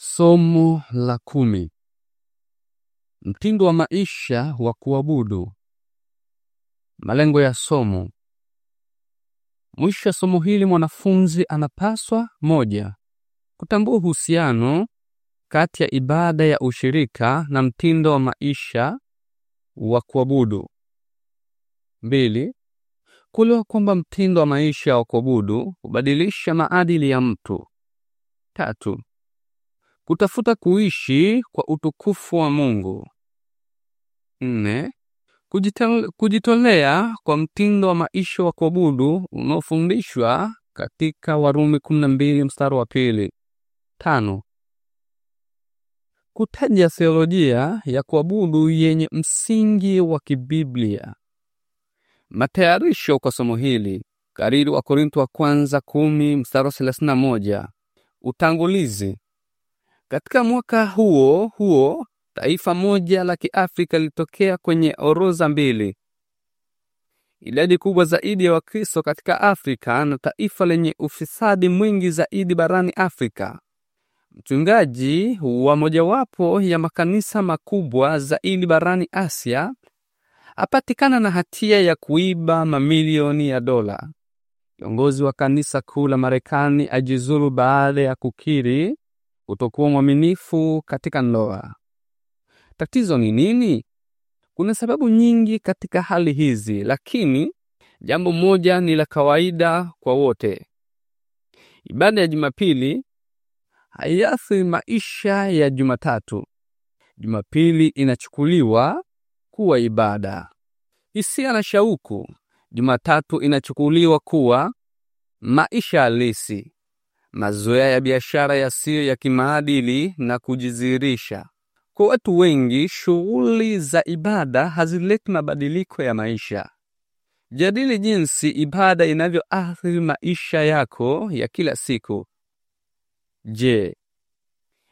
Somo la kumi. Mtindo wa maisha wa kuabudu. Malengo ya somo. Mwisho wa somo hili mwanafunzi anapaswa: moja, kutambua uhusiano kati ya ibada ya ushirika na mtindo wa maisha wa kuabudu. Mbili, kuelewa kwamba mtindo wa maisha wa kuabudu hubadilisha maadili ya mtu. Tatu, kutafuta kuishi kwa utukufu wa Mungu. Nne, kujitolea kwa mtindo wa maisha wa kuabudu unaofundishwa katika Warumi 12 mstari wa pili. Tano, kutaja theolojia ya kuabudu yenye msingi wa kibiblia. Matayarisho kwa somo hili kariri wa Korinto wa kwanza kumi mstari wa moja. Utangulizi katika mwaka huo huo taifa moja la Kiafrika lilitokea kwenye orodha mbili: idadi kubwa zaidi ya Wakristo katika Afrika na taifa lenye ufisadi mwingi zaidi barani Afrika. Mchungaji wa mojawapo ya makanisa makubwa zaidi barani Asia apatikana na hatia ya kuiba mamilioni ya dola. Kiongozi wa kanisa kuu la Marekani ajizuru baada ya kukiri kutokuwa mwaminifu katika ndoa. Tatizo ni nini? Kuna sababu nyingi katika hali hizi, lakini jambo moja ni la kawaida kwa wote: ibada ya Jumapili haiathiri maisha ya Jumatatu. Jumapili inachukuliwa kuwa ibada. Hisia na shauku, Jumatatu inachukuliwa kuwa maisha halisi mazoea ya biashara yasiyo ya kimaadili na kujizirisha. Kwa watu wengi, shughuli za ibada hazileti mabadiliko ya maisha. Jadili jinsi ibada inavyoathiri maisha yako ya kila siku. Je,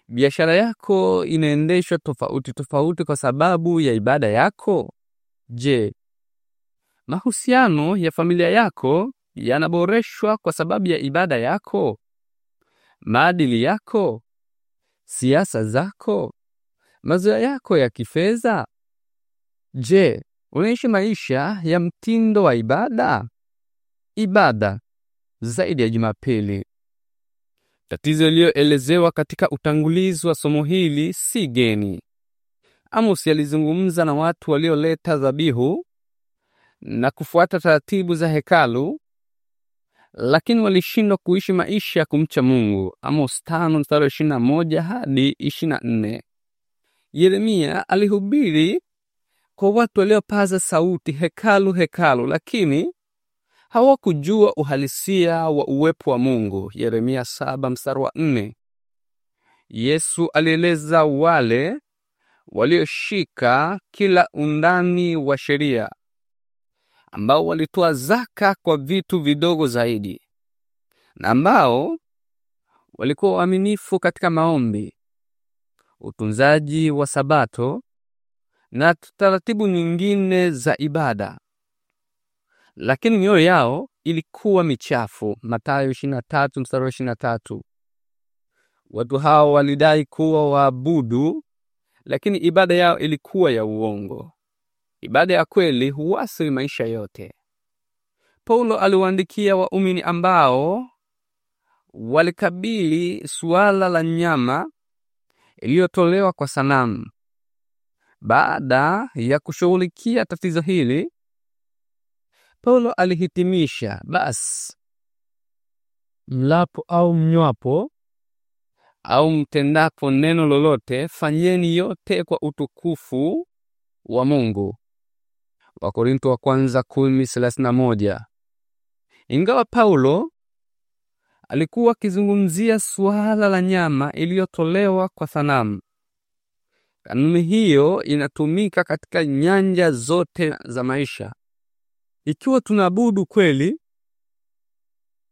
biashara yako inaendeshwa tofauti tofauti kwa sababu ya ibada yako? Je, mahusiano ya familia yako yanaboreshwa kwa sababu ya ibada yako? maadili yako, siasa zako, mazoea yako ya kifedha? Je, unaishi maisha ya mtindo wa ibada? Ibada zaidi ya Jumapili. Tatizo iliyoelezewa katika utangulizi wa somo hili si geni. Amos alizungumza na watu walioleta dhabihu na kufuata taratibu za hekalu lakini walishindwa kuishi maisha ya kumcha Mungu. Amos tano mstari ishirini na moja hadi ishirini na nne. Yeremia alihubiri kwa watu waliopaza sauti hekalu hekalu, lakini hawakujua uhalisia wa uwepo wa Mungu. Yeremia saba mstari wa nne. Yesu alieleza wale walioshika kila undani wa sheria ambao walitoa zaka kwa vitu vidogo zaidi na ambao walikuwa waaminifu katika maombi, utunzaji wa Sabato na taratibu nyingine za ibada, lakini mioyo yao ilikuwa michafu. Mathayo 23 mstari 23. Watu hao walidai kuwa waabudu, lakini ibada yao ilikuwa ya uongo. Ibada ya kweli huasiri maisha yote. Paulo aliwaandikia waumini ambao walikabili suala la nyama iliyotolewa kwa sanamu. Baada ya kushughulikia tatizo hili, Paulo alihitimisha, basi mlapo au mnywapo au mtendapo neno lolote, fanyeni yote kwa utukufu wa Mungu. Wakorinto wa kwanza kumi thelathini na moja. Ingawa Paulo alikuwa akizungumzia suala la nyama iliyotolewa kwa sanamu, kanuni hiyo inatumika katika nyanja zote za maisha. Ikiwa tunaabudu kweli,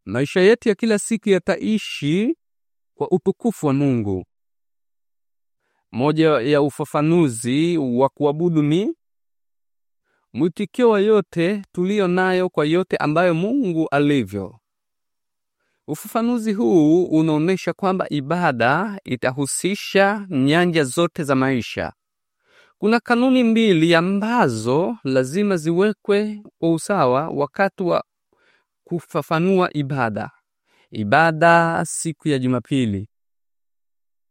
maisha yetu ya kila siku yataishi kwa utukufu wa Mungu. Moja ya ufafanuzi wa kuabudu ni mwitikio yote tuliyo nayo kwa yote ambayo Mungu alivyo. Ufafanuzi huu unaonyesha kwamba ibada itahusisha nyanja zote za maisha. Kuna kanuni mbili ambazo lazima ziwekwe kwa usawa wakati wa kufafanua ibada. Ibada siku ya Jumapili.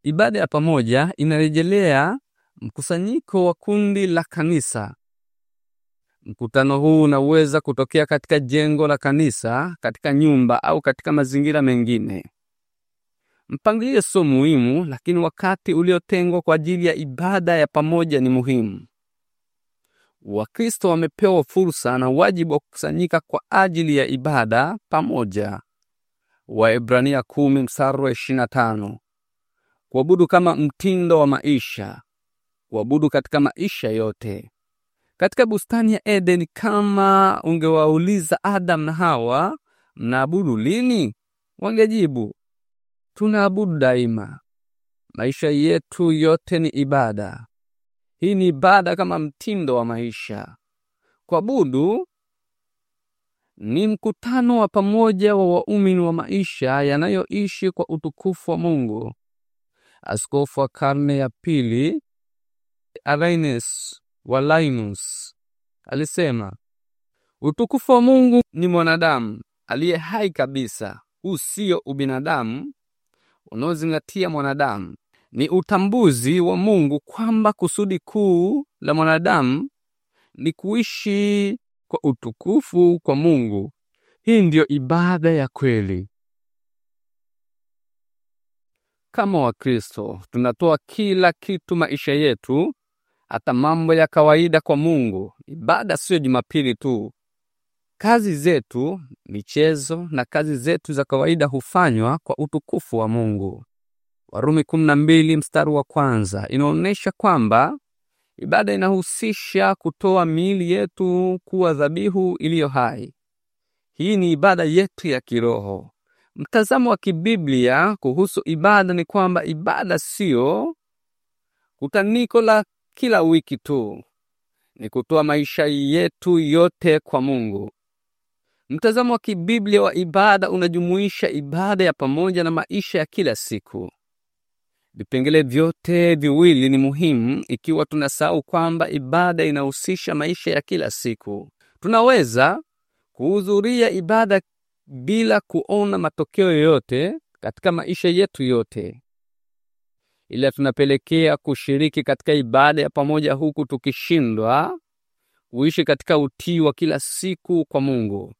Ibada ya pamoja inarejelea mkusanyiko wa kundi la kanisa Mkutano huu unaweza kutokea katika jengo la kanisa, katika nyumba au katika mazingira mengine. Mpangilio sio muhimu, lakini wakati uliotengwa kwa ajili ya ibada ya pamoja ni muhimu. Wakristo wamepewa fursa na wajibu wa kukusanyika kwa ajili ya ibada pamoja. Waebrania 10 mstari 25. Kuabudu kama mtindo wa maisha, kuabudu katika maisha yote katika bustani ya Eden. Kama ungewauliza Adam na Hawa, mnaabudu lini? Wangejibu, tunaabudu daima. Maisha yetu yote ni ibada. Hii ni ibada kama mtindo wa maisha. Kuabudu ni mkutano wa pamoja wa waumini wa maisha yanayoishi kwa utukufu wa Mungu. Askofu wa karne ya pili Arrhenius wa Linus alisema, utukufu wa Mungu ni mwanadamu aliye hai kabisa. Huu ubinadamu unaozingatia mwanadamu, ni utambuzi wa Mungu kwamba kusudi kuu la mwanadamu ni kuishi kwa utukufu kwa Mungu. Hii ndiyo ibada ya kweli. Kama Wakristo tunatoa kila kitu, maisha yetu, hata mambo ya kawaida kwa Mungu. Ibada siyo Jumapili tu. Kazi zetu, michezo na kazi zetu za kawaida hufanywa kwa utukufu wa Mungu. Warumi 12 mstari wa kwanza inaonyesha kwamba ibada inahusisha kutoa miili yetu kuwa dhabihu iliyo hai. Hii ni ibada yetu ya kiroho. Mtazamo wa kibiblia kuhusu ibada ni kwamba ibada siyo kutaniko la kila wiki tu ni kutoa maisha yetu yote kwa Mungu. Mtazamo wa kibiblia wa ibada unajumuisha ibada ya pamoja na maisha ya kila siku. Vipengele vyote viwili ni muhimu ikiwa tunasahau kwamba ibada inahusisha maisha ya kila siku. Tunaweza kuhudhuria ibada bila kuona matokeo yoyote katika maisha yetu yote ila tunapelekea kushiriki katika ibada ya pamoja huku tukishindwa kuishi katika utii wa kila siku kwa Mungu.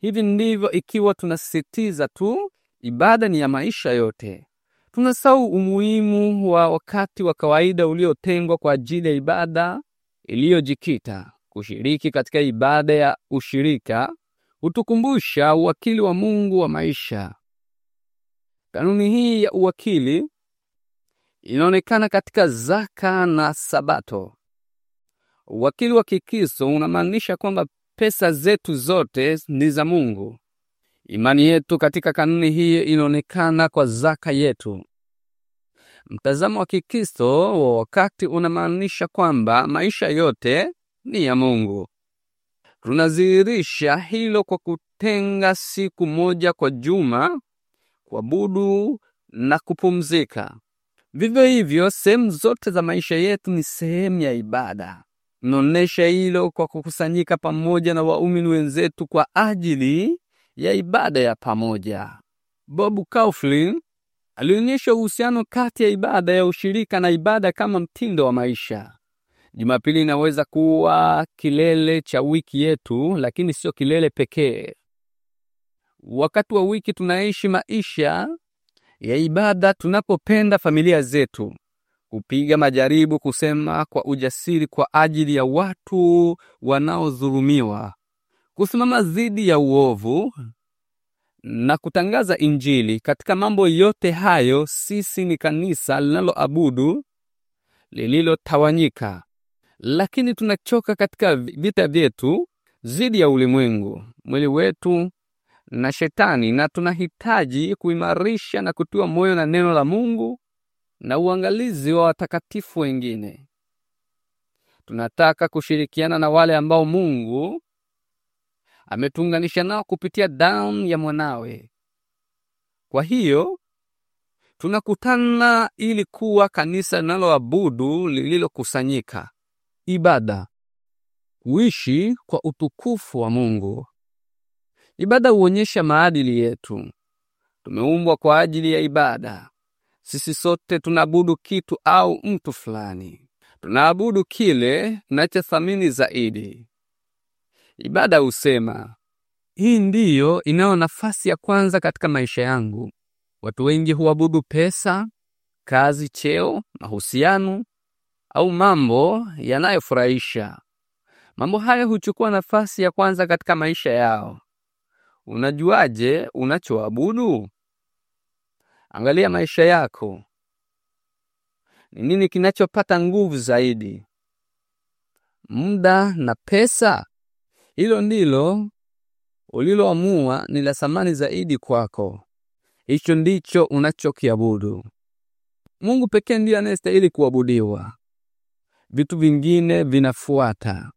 Hivi ndivyo ikiwa tunasisitiza tu ibada ni ya maisha yote, tunasahau umuhimu wa wakati wa kawaida uliotengwa kwa ajili ya ibada iliyojikita. Kushiriki katika ibada ya ushirika hutukumbusha uwakili wa Mungu wa maisha. Kanuni hii ya uwakili inaonekana katika zaka na Sabato. Wakili wa Kikristo unamaanisha kwamba pesa zetu zote ni za Mungu. Imani yetu katika kanuni hii inaonekana kwa zaka yetu. Mtazamo wa Kikristo wa wakati unamaanisha kwamba maisha yote ni ya Mungu. Tunadhihirisha hilo kwa kutenga siku moja kwa juma kuabudu na kupumzika. Vivyo hivyo, sehemu zote za maisha yetu ni sehemu ya ibada. Naonesha hilo kwa kukusanyika pamoja na waumini wenzetu kwa ajili ya ibada ya pamoja. Bob Kauflin alionyesha uhusiano kati ya ibada ya ushirika na ibada kama mtindo wa maisha. Jumapili inaweza kuwa kilele cha wiki yetu, lakini sio kilele pekee. Wakati wa wiki tunaishi maisha ya ibada tunapopenda familia zetu, kupiga majaribu, kusema kwa ujasiri kwa ajili ya watu wanaodhulumiwa, kusimama dhidi ya uovu na kutangaza Injili. Katika mambo yote hayo, sisi ni kanisa linaloabudu lililotawanyika, lakini tunachoka katika vita vyetu dhidi ya ulimwengu, mwili wetu na shetani, na tunahitaji kuimarisha na kutiwa moyo na neno la Mungu na uangalizi wa watakatifu wengine. Tunataka kushirikiana na wale ambao Mungu ametuunganisha nao kupitia damu ya mwanawe. Kwa hiyo tunakutana ili kuwa kanisa linaloabudu, lililokusanyika ibada, kuishi kwa utukufu wa Mungu. Ibada huonyesha maadili yetu. Tumeumbwa kwa ajili ya ibada. Sisi sote tunaabudu kitu au mtu fulani. Tunaabudu kile tunachothamini zaidi. Ibada husema, hii ndiyo inayo nafasi ya kwanza katika maisha yangu. Watu wengi huabudu pesa, kazi, cheo, mahusiano au mambo yanayofurahisha. Mambo hayo huchukua nafasi ya kwanza katika maisha yao. Unajuaje unachoabudu? Angalia maisha yako. Ni nini kinachopata nguvu zaidi, muda na pesa? Hilo ndilo uliloamua ni la thamani zaidi kwako, hicho ndicho unachokiabudu. Mungu pekee ndiye anayestahili kuabudiwa, vitu vingine vinafuata.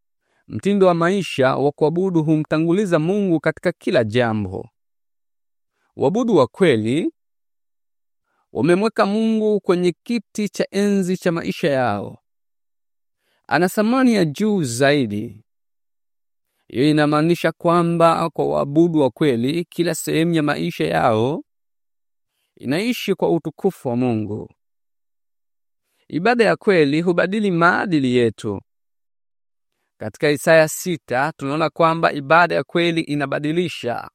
Mtindo wa maisha wa kuabudu humtanguliza Mungu katika kila jambo. wabudu wa kweli wamemweka Mungu kwenye kiti cha enzi cha maisha yao. Ana thamani ya juu zaidi. Hiyo inamaanisha kwamba kwa waabudu wa kweli, kila sehemu ya maisha yao inaishi kwa utukufu wa Mungu. Ibada ya kweli hubadili maadili yetu katika Isaya sita tunaona kwamba ibada ya kweli inabadilisha.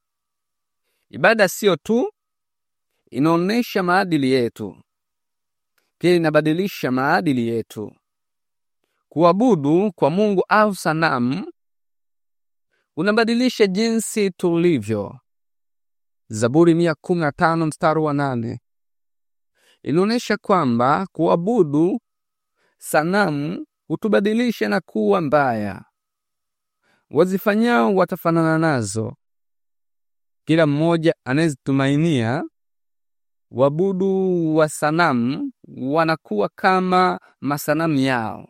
Ibada siyo tu inaonyesha maadili yetu, pia inabadilisha maadili yetu. Kuabudu kwa Mungu au sanamu unabadilisha jinsi tulivyo. Zaburi 115 mstari wa nane inaonyesha kwamba kuabudu sanamu hutubadilisha na kuwa mbaya, wazifanyao watafanana nazo. Kila mmoja anayezitumainia wabudu wa sanamu wanakuwa kama masanamu yao.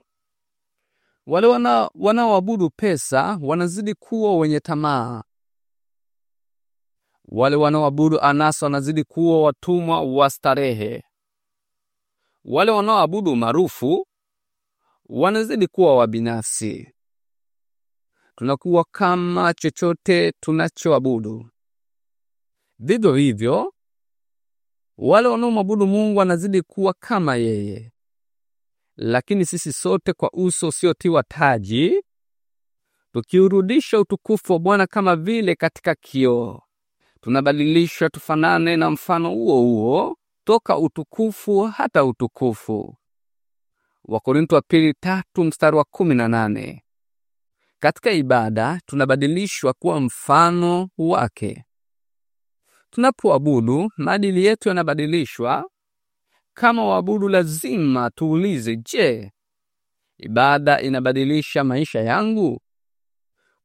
Wale wanaoabudu pesa wanazidi kuwa wenye tamaa. Wale wanaoabudu anasa wanazidi kuwa watumwa wa starehe. Wale wanaoabudu maarufu wanazidi kuwa wabinafsi. Tunakuwa kama chochote tunachoabudu. Vivyo hivyo, wale wanaomwabudu Mungu wanazidi kuwa kama yeye. Lakini sisi sote kwa uso usiotiwa taji tukiurudisha utukufu wa Bwana kama vile katika kioo, tunabadilishwa tufanane na mfano huo huo toka utukufu hata utukufu. Wakorintho wa pili tatu mstari wa kumi na nane. Katika ibada tunabadilishwa kuwa mfano wake. Tunapoabudu, maadili yetu yanabadilishwa. Kama waabudu, lazima tuulize, je, ibada inabadilisha maisha yangu?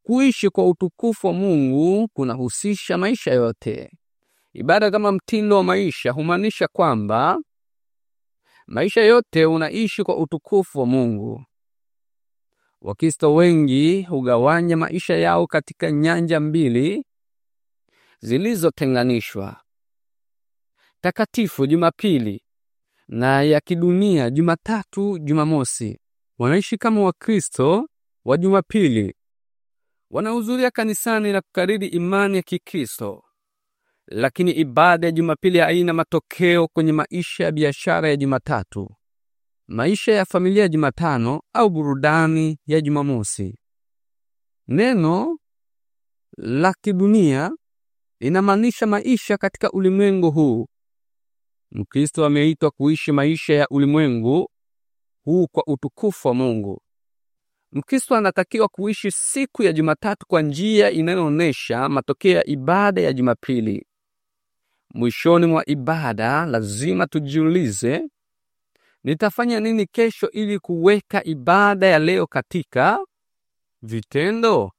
Kuishi kwa utukufu wa Mungu kunahusisha maisha yote. Ibada kama mtindo wa maisha humaanisha kwamba Maisha yote unaishi kwa utukufu wa Mungu. Wakristo wengi hugawanya maisha yao katika nyanja mbili zilizotenganishwa: takatifu Jumapili na ya kidunia Jumatatu, Jumamosi. Wanaishi kama Wakristo wa Jumapili, wanahudhuria kanisani na kukariri imani ya Kikristo lakini ibada ya Jumapili haina matokeo kwenye maisha ya biashara ya Jumatatu, maisha ya familia ya Jumatano au burudani ya Jumamosi. Neno la kidunia linamaanisha maisha katika ulimwengu huu. Mkristo ameitwa kuishi maisha ya ulimwengu huu kwa utukufu wa Mungu. Mkristo anatakiwa kuishi siku ya Jumatatu kwa njia inayoonyesha matokeo ya ibada ya Jumapili. Mwishoni mwa ibada lazima tujiulize, nitafanya nini kesho ili kuweka ibada ya leo katika vitendo.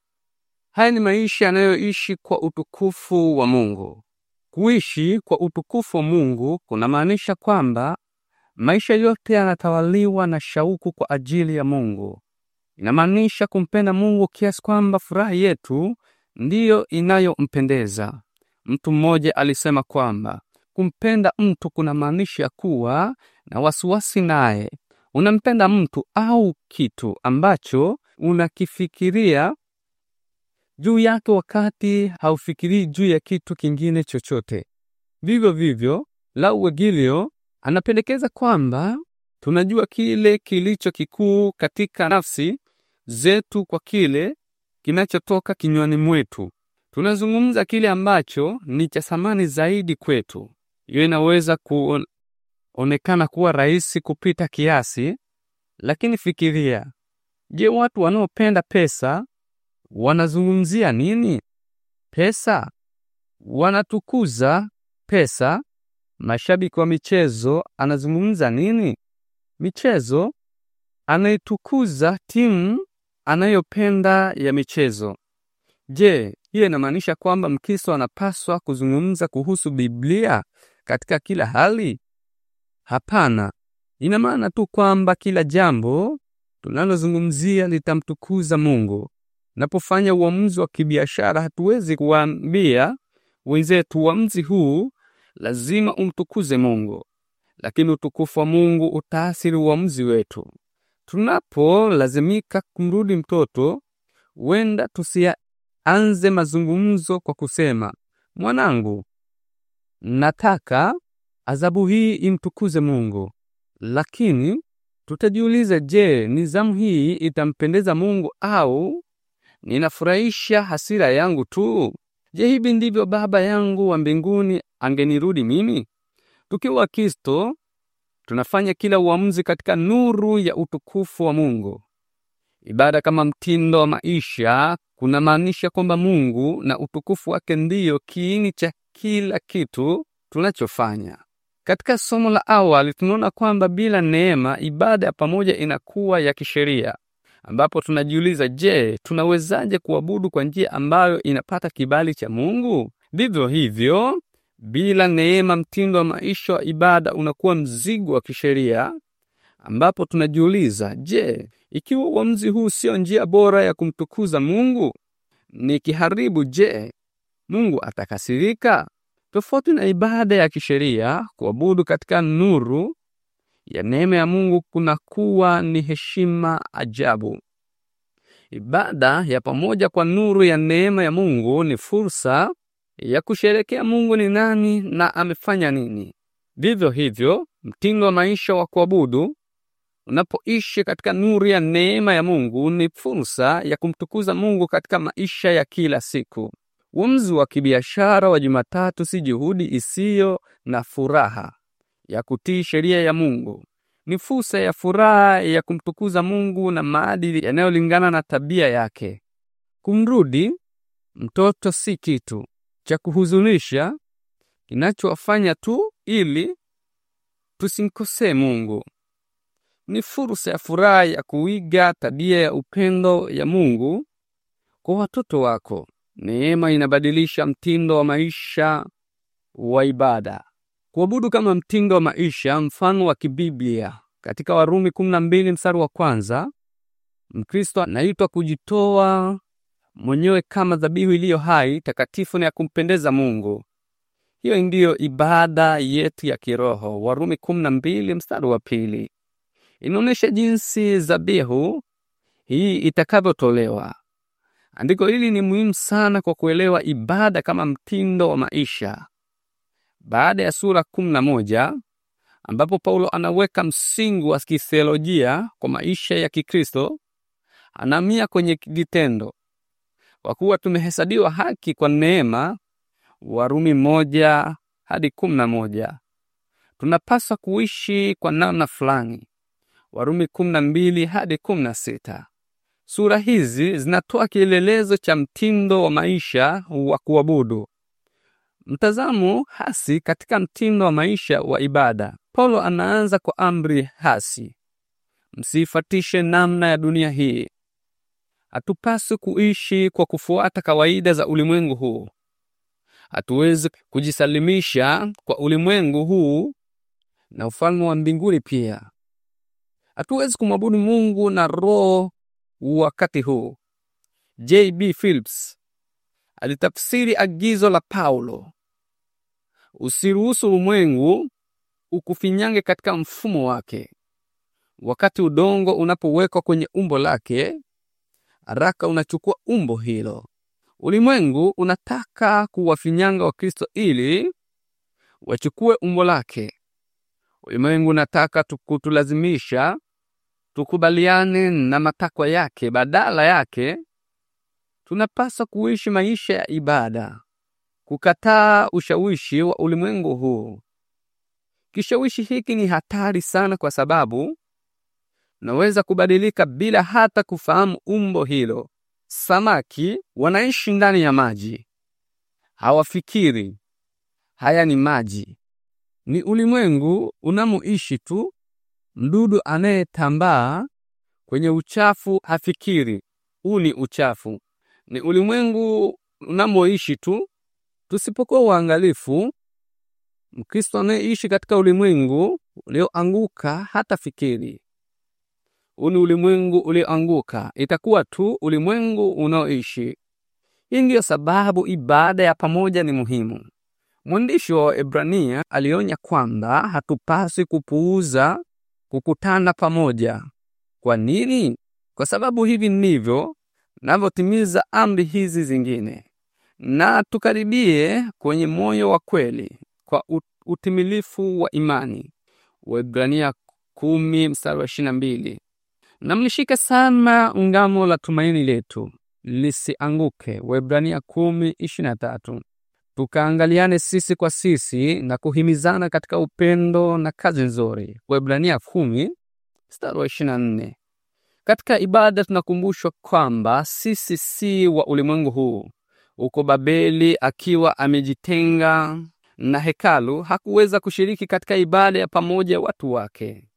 Haya ni maisha yanayoishi kwa utukufu wa Mungu. Kuishi kwa utukufu wa Mungu kunamaanisha kwamba maisha yote yanatawaliwa na shauku kwa ajili ya Mungu. Inamaanisha kumpenda Mungu kiasi kwamba furaha yetu ndiyo inayompendeza. Mtu mmoja alisema kwamba kumpenda mtu kunamaanisha kuwa na wasiwasi naye. Unampenda mtu au kitu ambacho unakifikiria juu yake wakati haufikirii juu ya kitu kingine chochote. Vivyo vivyo, Lau Wegilio anapendekeza kwamba tunajua kile kilicho kikuu katika nafsi zetu kwa kile kinachotoka kinywani mwetu. Tunazungumza kile ambacho ni cha thamani zaidi kwetu. Hiyo inaweza kuonekana kuwa rahisi kupita kiasi, lakini fikiria, je, watu wanaopenda pesa wanazungumzia nini? Pesa? Wanatukuza pesa? Mashabiki wa michezo anazungumza nini? Michezo? Anaitukuza timu anayopenda ya michezo. Je, hiyo inamaanisha kwamba Mkristo anapaswa kuzungumza kuhusu Biblia katika kila hali? Hapana. Ina maana tu kwamba kila jambo tunalozungumzia litamtukuza Mungu. Napofanya uamuzi wa kibiashara, hatuwezi kuwaambia wenzetu, uamuzi huu lazima umtukuze Mungu, lakini utukufu wa Mungu utaathiri uamuzi wetu. Tunapolazimika kumrudi mtoto, wenda tusia anze mazungumzo kwa kusema, mwanangu, nataka adhabu hii imtukuze Mungu, lakini tutajiuliza, je, zamu hii itampendeza Mungu au ninafurahisha hasira yangu tu? Je, hivi ndivyo Baba yangu wa mbinguni angenirudi mimi? Tukiwa Kristo tunafanya kila uamuzi katika nuru ya utukufu wa Mungu. Ibada kama mtindo wa maisha kunamaanisha kwamba Mungu na utukufu wake ndiyo kiini cha kila kitu tunachofanya. Katika somo la awali tunaona kwamba bila neema ibada ya pamoja inakuwa ya kisheria, ambapo tunajiuliza, je, tunawezaje kuabudu kwa njia ambayo inapata kibali cha Mungu? Vivyo hivyo, bila neema, mtindo wa maisha wa ibada unakuwa mzigo wa kisheria ambapo tunajiuliza, je, ikiwa uamuzi huu sio njia bora ya kumtukuza Mungu? Nikiharibu, je, Mungu atakasirika? Tofauti na ibada ya kisheria, kuabudu katika nuru ya neema ya Mungu kunakuwa ni heshima ajabu. Ibada ya pamoja kwa nuru ya neema ya Mungu ni fursa ya kusherekea Mungu ni nani na amefanya nini. Vivyo hivyo, mtindo wa maisha wa kuabudu Unapoishi katika nuru ya neema ya Mungu, ni fursa ya kumtukuza Mungu katika maisha ya kila siku. Uamuzi wa kibiashara wa Jumatatu si juhudi isiyo na furaha ya kutii sheria ya Mungu, ni fursa ya furaha ya kumtukuza Mungu na maadili yanayolingana na tabia yake. Kumrudi mtoto si kitu cha kuhuzunisha kinachowafanya tu ili tusimkosee Mungu ni fursa ya furaha ya kuiga tabia ya upendo ya Mungu kwa watoto wako. Neema inabadilisha mtindo wa maisha wa ibada. Kuabudu kama mtindo wa maisha, mfano wa kibiblia katika Warumi 12 mstari wa kwanza, Mkristo anaitwa kujitoa mwenyewe kama dhabihu iliyo hai, takatifu na ya kumpendeza Mungu. Hiyo ndiyo ibada yetu ya kiroho. Warumi 12 mstari wa pili. Inaonyesha jinsi zabihu hii itakavyotolewa. Andiko hili ni muhimu sana kwa kuelewa ibada kama mtindo wa maisha. Baada ya sura 11 moja ambapo Paulo anaweka msingi wa kitheolojia kwa maisha ya Kikristo, anamia kwenye vitendo. Kwa kuwa tumehesabiwa haki kwa neema, Warumi moja hadi kumi na moja tunapaswa kuishi kwa namna fulani. Warumi 12 hadi 16. Sura hizi zinatoa kielelezo cha mtindo wa maisha wa kuabudu, mtazamo hasi katika mtindo wa maisha wa ibada. Paulo anaanza kwa amri hasi: msiifatishe namna ya dunia hii. Hatupaswi kuishi kwa kufuata kawaida za ulimwengu huu. Hatuwezi kujisalimisha kwa ulimwengu huu na ufalme wa mbinguni pia. Hatuwezi kumwabudu Mungu na roho wakati huu. JB Phillips alitafsiri agizo la Paulo, usiruhusu ulimwengu ukufinyange katika mfumo wake. Wakati udongo unapowekwa kwenye umbo lake, haraka unachukua umbo hilo. Ulimwengu unataka kuwafinyanga wa kristo ili wachukue umbo lake. Ulimwengu unataka kutulazimisha tukubaliane na matakwa yake. Badala yake, tunapaswa kuishi maisha ya ibada, kukataa ushawishi wa ulimwengu huu. Kishawishi hiki ni hatari sana, kwa sababu naweza kubadilika bila hata kufahamu umbo hilo. Samaki wanaishi ndani ya maji, hawafikiri. Haya ni maji, ni ulimwengu unamoishi tu. Mdudu anayetambaa kwenye uchafu hafikiri huu ni uchafu. Ni ulimwengu unamoishi tu. Tusipokuwa uangalifu, Mkristo anayeishi katika ulimwengu ulioanguka hata fikiri huu ni ulimwengu ulioanguka, itakuwa tu ulimwengu unaoishi. Hii ndiyo sababu ibada ya pamoja ni muhimu. Mwandishi wa Waebrania alionya kwamba hatupaswi kupuuza kukutana pamoja. Kwa nini? Kwa sababu hivi ndivyo navyotimiza amri hizi zingine, na tukaribie kwenye moyo wa kweli kwa utimilifu wa imani. Waebrania kumi mstari wa ishirini na mbili. Na mlishike sana ngamo la tumaini letu lisianguke. Waebrania kumi ishirini na tatu tukaangaliane sisi kwa sisi na kuhimizana katika upendo na kazi nzuri. Waebrania kumi mstari wa ishirini na nne. Katika ibada tunakumbushwa kwamba sisi si wa ulimwengu huu. Uko Babeli akiwa amejitenga na hekalu, hakuweza kushiriki katika ibada ya pamoja watu wake.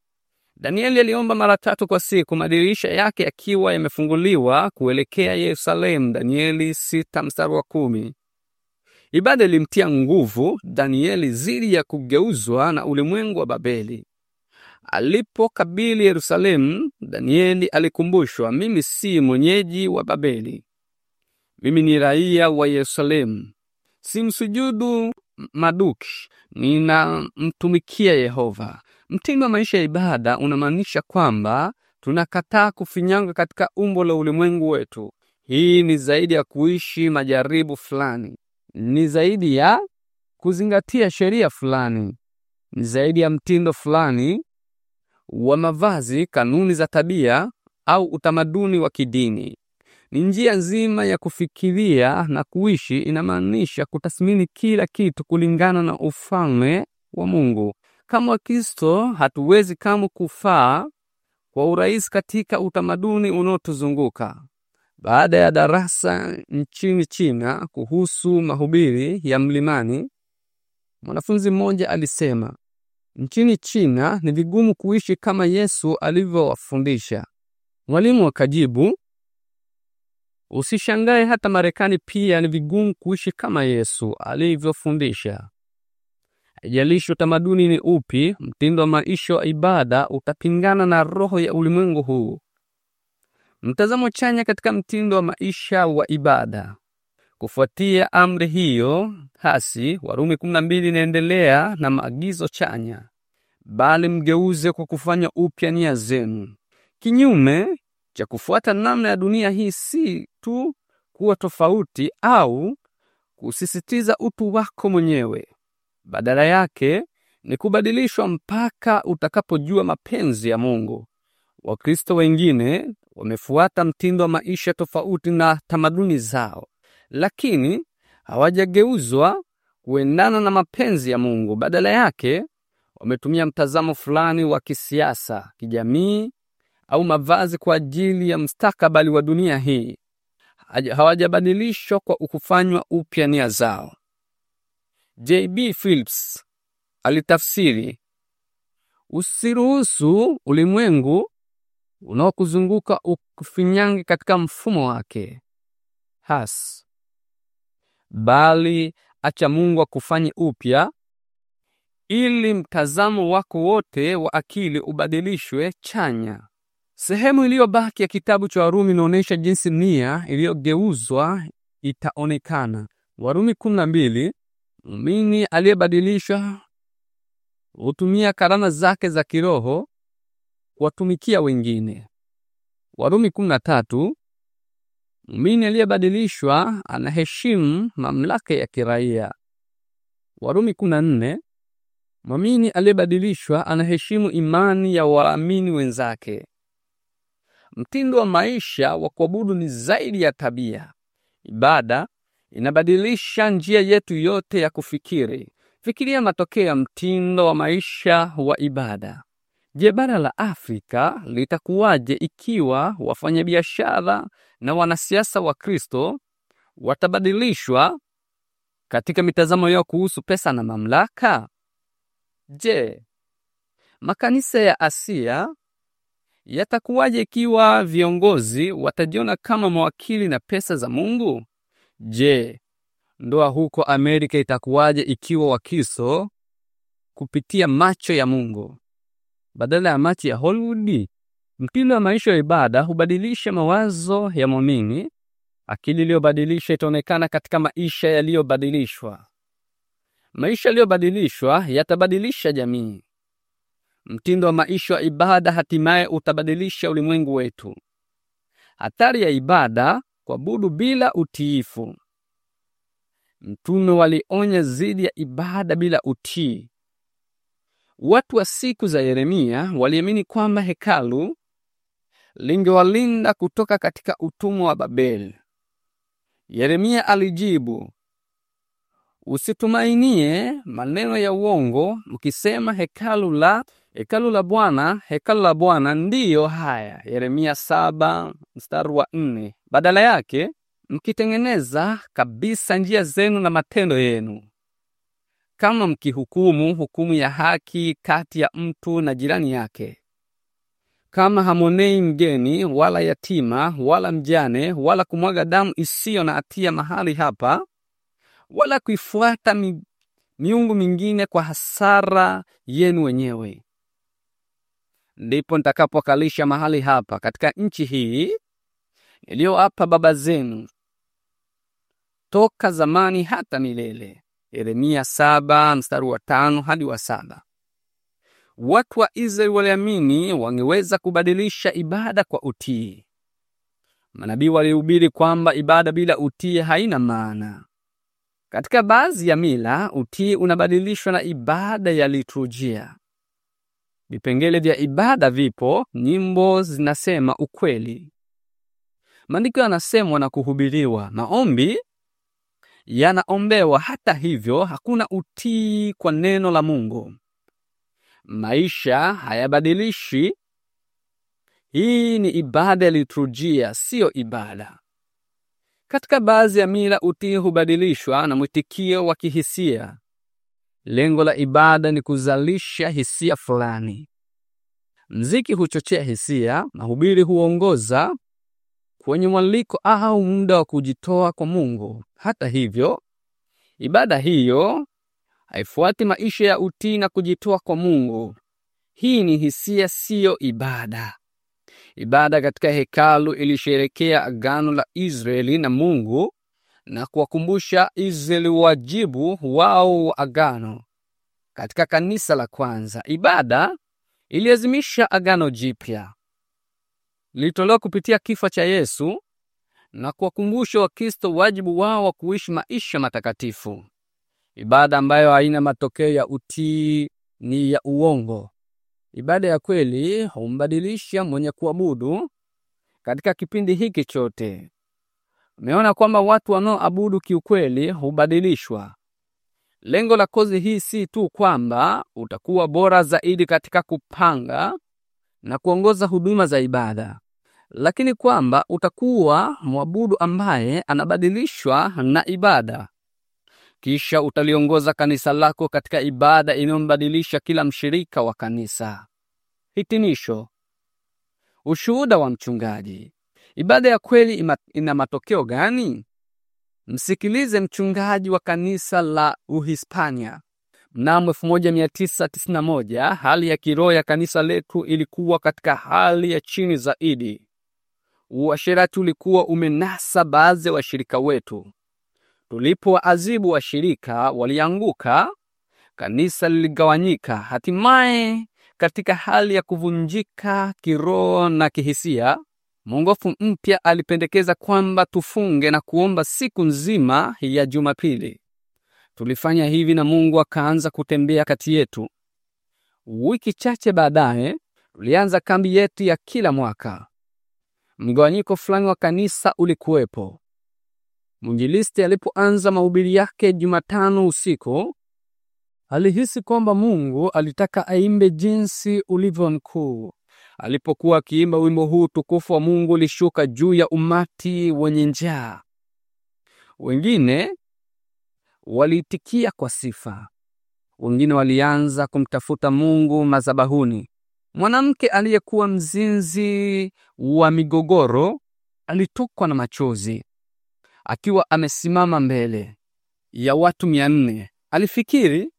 Danieli aliomba mara tatu kwa siku, madirisha yake akiwa yamefunguliwa kuelekea Yerusalemu, Danieli sita mstari wa kumi. Ibada ilimtia nguvu Danieli zidi ya kugeuzwa na ulimwengu wa Babeli. Alipokabili Yerusalemu, Danieli alikumbushwa, mimi si mwenyeji wa Babeli, mimi ni raia wa Yerusalemu. Simsujudu Maduki, ninamtumikia Yehova. Mtindo wa maisha ya ibada unamaanisha kwamba tunakataa kufinyanga katika umbo la ulimwengu wetu. Hii ni zaidi ya kuishi majaribu fulani ni zaidi ya kuzingatia sheria fulani, ni zaidi ya mtindo fulani wa mavazi, kanuni za tabia au utamaduni wa kidini. Ni njia nzima ya kufikiria na kuishi. Inamaanisha kutathmini kila kitu kulingana na ufalme wa Mungu. Kama Wakristo, hatuwezi kamwe kufaa kwa urahisi katika utamaduni unaotuzunguka baada ya darasa nchini China kuhusu mahubiri ya mlimani, mwanafunzi mmoja alisema, nchini China ni vigumu kuishi kama Yesu alivyowafundisha. Mwalimu akajibu, usishangae hata Marekani pia ni vigumu kuishi kama Yesu alivyofundisha. Haijalishi utamaduni ni upi, mtindo wa maisha wa ibada utapingana na roho ya ulimwengu huu mtazamo chanya katika mtindo wa maisha wa ibada. Kufuatia amri hiyo hasi, Warumi 12 inaendelea na maagizo chanya, bali mgeuze kwa kufanya upya nia zenu. Kinyume cha kufuata namna ya dunia hii, si tu kuwa tofauti au kusisitiza utu wako mwenyewe, badala yake ni kubadilishwa mpaka utakapojua mapenzi ya Mungu. Wakristo wengine wamefuata mtindo wa maisha tofauti na tamaduni zao, lakini hawajageuzwa kuendana na mapenzi ya Mungu. Badala yake wametumia mtazamo fulani wa kisiasa, kijamii au mavazi kwa ajili ya mstakabali wa dunia hii. Hawajabadilishwa kwa kufanywa upya nia zao. JB Phillips alitafsiri, usiruhusu ulimwengu unaokuzunguka ukufinyange katika mfumo wake hasi, bali acha Mungu akufanye upya ili mtazamo wako wote wa akili ubadilishwe chanya. Sehemu iliyobaki ya kitabu cha Warumi inaonyesha jinsi nia iliyogeuzwa itaonekana. Warumi 12. Muumini aliyebadilishwa hutumia karama zake za kiroho watumikia wengine. Warumi 13 Muumini aliyebadilishwa anaheshimu mamlaka ya kiraia. Warumi 14 Muumini aliyebadilishwa anaheshimu imani ya waamini wenzake. Mtindo wa maisha wa kuabudu ni zaidi ya tabia. Ibada inabadilisha njia yetu yote ya kufikiri. Fikiria matokeo ya mtindo wa maisha wa ibada. Je, bara la Afrika litakuwaje ikiwa wafanyabiashara na wanasiasa wa Kristo watabadilishwa katika mitazamo yao kuhusu pesa na mamlaka? Je, makanisa ya Asia yatakuwaje ikiwa viongozi watajiona kama mawakili na pesa za Mungu? Je, ndoa huko Amerika itakuwaje ikiwa wakiso kupitia macho ya Mungu? badala ya mati ya Hollywood. Mtindo wa maisha ya ibada hubadilisha mawazo ya muumini. Akili iliyobadilisha itaonekana katika maisha yaliyobadilishwa. Maisha yaliyobadilishwa yatabadilisha jamii. Mtindo wa maisha wa ibada hatimaye utabadilisha ulimwengu wetu. Hatari ya ibada kuabudu bila utiifu. Mtume walionya dhidi ya ibada bila utii. Watu wa siku za Yeremia waliamini kwamba hekalu lingewalinda kutoka katika utumwa wa Babeli. Yeremia alijibu, usitumainie maneno ya uongo mkisema, hekalu la hekalu la Bwana, hekalu la Bwana ndiyo haya. Yeremia saba mstari wa nne. Badala yake mkitengeneza kabisa njia zenu na matendo yenu kama mkihukumu hukumu ya haki kati ya mtu na jirani yake, kama hamonei mgeni wala yatima wala mjane wala kumwaga damu isiyo na hatia mahali hapa, wala kuifuata mi, miungu mingine kwa hasara yenu wenyewe, ndipo nitakapokalisha mahali hapa katika nchi hii iliyoapa baba zenu toka zamani hata milele. Yeremia saba mstari wa tano hadi wa saba. Watu wa Israeli waliamini wangeweza kubadilisha ibada kwa utii. Manabii walihubiri kwamba ibada bila utii haina maana. Katika baadhi ya mila, utii unabadilishwa na ibada ya liturujia. Vipengele vya ibada vipo, nyimbo zinasema ukweli, maandiko yanasemwa na kuhubiriwa, maombi yanaombewa. Hata hivyo, hakuna utii kwa neno la Mungu. Maisha hayabadilishi. Hii ni ibada ya liturujia, siyo ibada. Katika baadhi ya mila, utii hubadilishwa na mwitikio wa kihisia. Lengo la ibada ni kuzalisha hisia fulani. Mziki huchochea hisia, mahubiri huongoza, kwenye mwaliko au muda wa kujitoa kwa Mungu. Hata hivyo, ibada hiyo haifuati maisha ya utii na kujitoa kwa Mungu. Hii ni hisia, siyo ibada. Ibada katika hekalu ilisherekea agano la Israeli na Mungu na kuwakumbusha Israeli wajibu wao wa agano. Katika kanisa la kwanza, ibada iliazimisha agano jipya lilitolewa kupitia kifo cha Yesu na kuwakumbusha Wakristo wajibu wao wa kuishi maisha matakatifu. Ibada ambayo haina matokeo ya utii ni ya uongo. Ibada ya kweli humbadilisha mwenye kuabudu. Katika kipindi hiki chote umeona kwamba watu wanaoabudu kiukweli hubadilishwa. Lengo la kozi hii si tu kwamba utakuwa bora zaidi katika kupanga na kuongoza huduma za ibada, lakini kwamba utakuwa mwabudu ambaye anabadilishwa na ibada. Kisha utaliongoza kanisa lako katika ibada inayombadilisha kila mshirika wa kanisa. Hitimisho: ushuhuda wa mchungaji. Ibada ya kweli ina matokeo gani? Msikilize mchungaji wa kanisa la Uhispania. Mnamo 1991 hali ya kiroho ya kanisa letu ilikuwa katika hali ya chini zaidi uasherati ulikuwa umenasa baadhi ya washirika wetu. Tulipowaadhibu washirika, walianguka, kanisa liligawanyika, hatimaye katika hali ya kuvunjika kiroho na kihisia, mwongofu mpya alipendekeza kwamba tufunge na kuomba siku nzima ya Jumapili. Tulifanya hivi na Mungu akaanza kutembea kati yetu. Wiki chache baadaye tulianza kambi yetu ya kila mwaka. Mgawanyiko fulani wa kanisa ulikuwepo. Mwinjilisti alipoanza mahubiri yake Jumatano usiku, alihisi kwamba Mungu alitaka aimbe jinsi ulivyo mkuu. Alipokuwa akiimba wimbo huu, utukufu wa Mungu ulishuka juu ya umati wenye njaa. Wengine waliitikia kwa sifa, wengine walianza kumtafuta Mungu madhabahuni. Mwanamke aliyekuwa mzinzi wa migogoro alitokwa na machozi akiwa amesimama mbele ya watu mia nne. Alifikiri,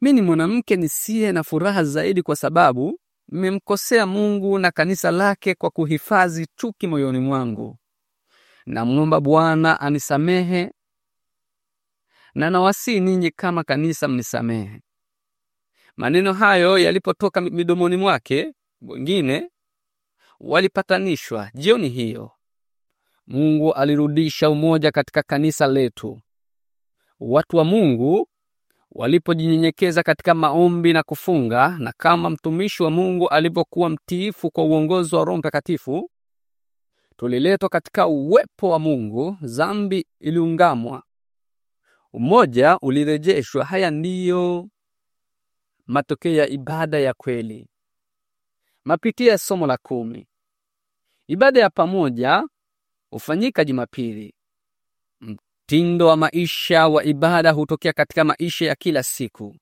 mi ni mwanamke nisiye na furaha zaidi, kwa sababu mmemkosea Mungu na kanisa lake kwa kuhifadhi chuki moyoni mwangu. Namwomba Bwana anisamehe na nawasii ninyi kama kanisa mnisamehe. Maneno hayo yalipotoka midomoni mwake, wengine walipatanishwa. Jioni hiyo Mungu alirudisha umoja katika kanisa letu. Watu wa Mungu walipojinyenyekeza katika maombi na kufunga, na kama mtumishi wa Mungu alivyokuwa mtiifu kwa uongozi wa Roho Mtakatifu, tuliletwa katika uwepo wa Mungu. Zambi iliungamwa, umoja ulirejeshwa. Haya ndiyo matokeo ya ibada ya kweli. Mapitio ya somo la kumi. Ibada ya pamoja hufanyika Jumapili. Mtindo wa maisha wa ibada hutokea katika maisha ya kila siku.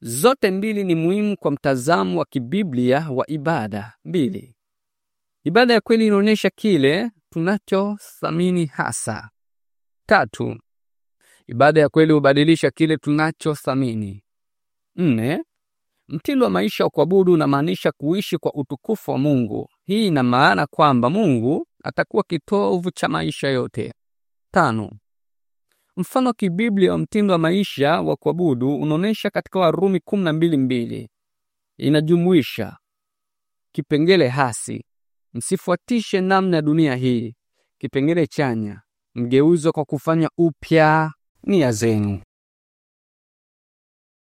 Zote mbili ni muhimu kwa mtazamo wa kibiblia wa ibada mbili. Ibada ya kweli inaonyesha kile tunachothamini hasa. Tatu, ibada ya kweli hubadilisha kile tunachothamini. Nne, Mtindo wa maisha wa kuabudu unamaanisha kuishi kwa utukufu wa Mungu. Hii ina maana kwamba Mungu atakuwa kitovu cha maisha yote. Tano, mfano wa kibiblia wa mtindo wa maisha wa kuabudu unaonesha katika Warumi 12:2. Inajumuisha kipengele hasi, msifuatishe namna ya dunia hii; kipengele chanya, mgeuzwe kwa kufanya upya nia zenu.